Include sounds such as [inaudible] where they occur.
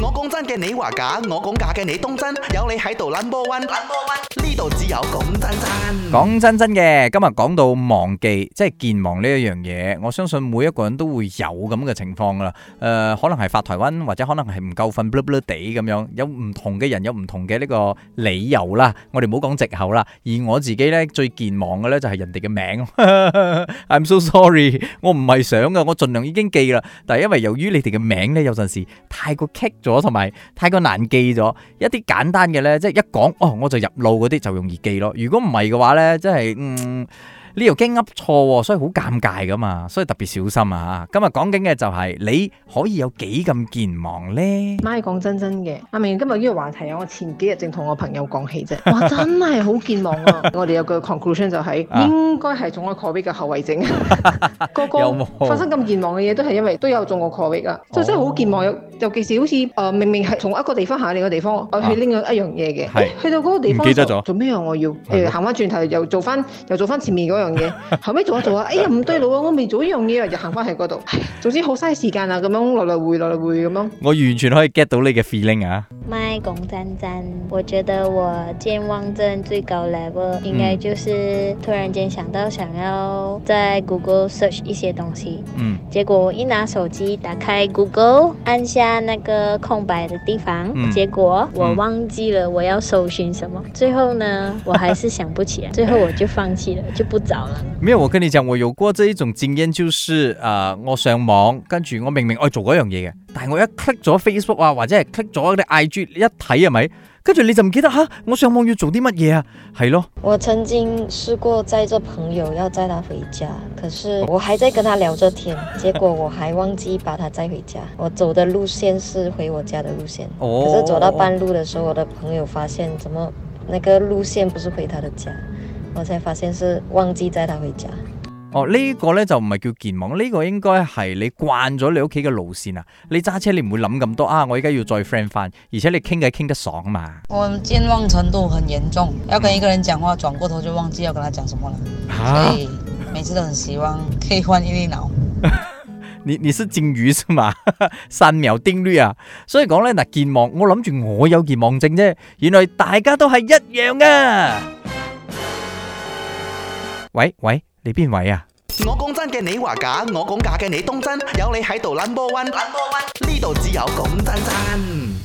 我講真嘅，你話假；我講假嘅，你當真。有你喺度 number one，number one，呢度只有講真真。講真真嘅，今日講到忘記，即係健忘呢一樣嘢。我相信每一個人都會有咁嘅情況噶啦。誒，可能係發台灣，或者可能係唔夠瞓，blue blue 哋咁樣。有唔同嘅人，有唔同嘅呢個理由啦。我哋唔好講借口啦。而我自己呢最健忘嘅呢就係人哋嘅名。I'm so sorry，我唔係想噶，我盡量已經記啦。但係因為由於你哋嘅名呢，有陣時太過 kick 咗，同埋太過難記咗。一啲簡單嘅咧，即係一講哦，我就入腦嗰啲就容易記咯。如果唔係嘅話咧，即係嗯。呢度驚噏錯喎，所以好尷尬㗎嘛，所以特別小心啊！今日講緊嘅就係你可以有幾咁健忘咧？唔可以講真真嘅，阿明今日呢個話題，我前幾日正同我朋友講起啫。哇，真係好健忘啊！我哋有個 conclusion 就係應該係中咗 COVID 嘅後遺症。個個發生咁健忘嘅嘢都係因為都有中過 COVID 啦。就真係好健忘，尤其是好似誒明明係從一個地方行嚟另個地方，我去拎咗一樣嘢嘅，去到嗰個地方記得咗做咩，我要行翻轉頭又做翻又做翻前面嗰樣。後屘做下做下，哎呀唔對路啊！我未做依樣嘢，就行翻去嗰度，總之好嘥時間啊！咁樣來來回來來回咁樣，我完全可以 get 到你嘅 feeling 啊。賣公仔仔，我覺得我健忘症最高 level、嗯、應該就是突然間想到想要在 Google search 一些東西，嗯，結果一拿手機打開 Google，按下那個空白的地方，嗯、結果我忘記了我要搜尋什麼，嗯、最後呢，我還是想不起來， [laughs] 最後我就放棄了，就不找了。沒有，我跟你講，我有過這一種經驗，就是誒、呃，我上網跟住我明明愛、哎、做嗰樣嘢嘅。但係我一 click 咗 Facebook 啊，或者係 click 咗啲 IG，你一睇係咪？跟住你就唔記得吓，啊，我上網要做啲乜嘢啊？係咯。我曾經試過載咗朋友要載他回家，可是我還在跟他聊着天，結果我還忘記把他載回家。我走的路線是回我家的路線，可是走到半路的時候，我的朋友發現怎麼那個路線不是回他的家，我才發現是忘記載他回家。哦，呢、這個咧就唔係叫健忘，呢、這個應該係你慣咗你屋企嘅路線啊！你揸車你唔會諗咁多啊！我而家要再 friend 翻，而且你傾偈傾得爽嘛！我健忘程度很嚴重，嗯、要跟一個人講話，轉過頭就忘記要跟他講什麼啦，啊、所以每次都很希望可以換一個腦。你你是金魚是嘛？三秒定律啊！所以講呢，嗱健忘，我諗住我有健忘症啫，原來大家都係一樣啊！ [music] 喂喂！你邊位啊？我講真嘅，你話假；我講假嘅，你當真。有你喺度 number one，number one 呢度只有講真真。